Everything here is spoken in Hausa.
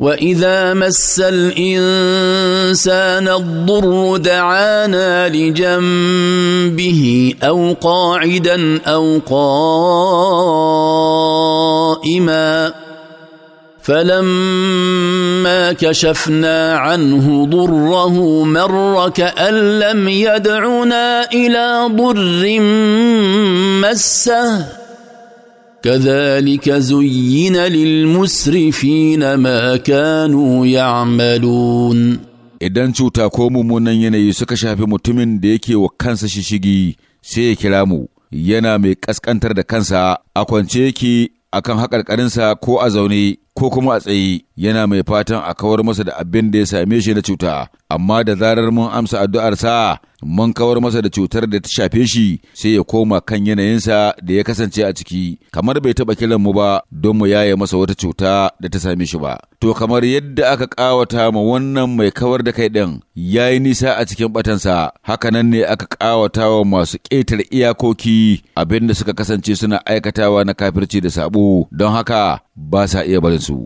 واذا مس الانسان الضر دعانا لجنبه او قاعدا او قائما فلما كشفنا عنه ضره مر كان لم يدعنا الى ضر مسه كذلك زين للمسرفين ما كانوا يعملون idan cuta ko mummunan yanayi suka shafi mutumin da yake wa kansa shishigi sai ya kira mu yana mai ƙasƙantar da kansa a kwance yake akan haƙarƙarinsa ko a zaune ko kuma a tsaye yana mai fatan a kawar masa da abin da ya same shi na cuta amma da zarar mun amsa addu'arsa mun kawar masa da cutar da ta shafe shi sai ya koma kan yanayinsa da ya kasance a ciki kamar bai taba kiran mu ba don mu yaye masa wata cuta da ta same shi ba to kamar yadda aka ƙawata ma wannan mai kawar da kai ɗin ya yi nisa a cikin batansa nan ne aka ƙawata wa masu ƙetar iyakoki abinda suka kasance suna aikatawa na kafirci da sabo don haka ba sa iya barinsu.